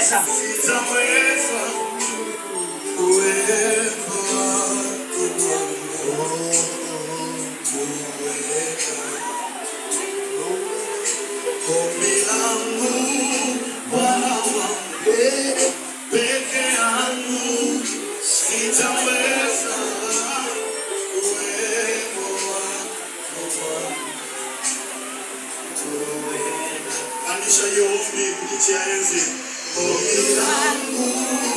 uweza Anisha Yehova kupitia enzi Oh,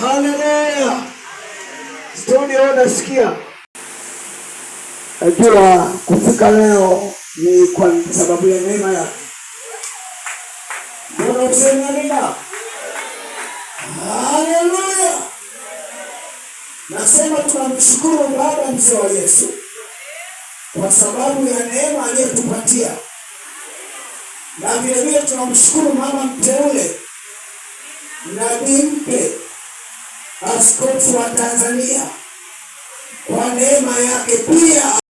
Haleluya! Stoni nasikia. Najua kufika leo ni kwa sababu ya neema yake. Mbona usenalina? Haleluya! Nasema tunamshukuru Baba mzee wa Yesu kwa sababu ya neema aliyotupatia, na vilevile tunamshukuru mama mteule nabii mpe askofu wa Tanzania kwa neema yake pia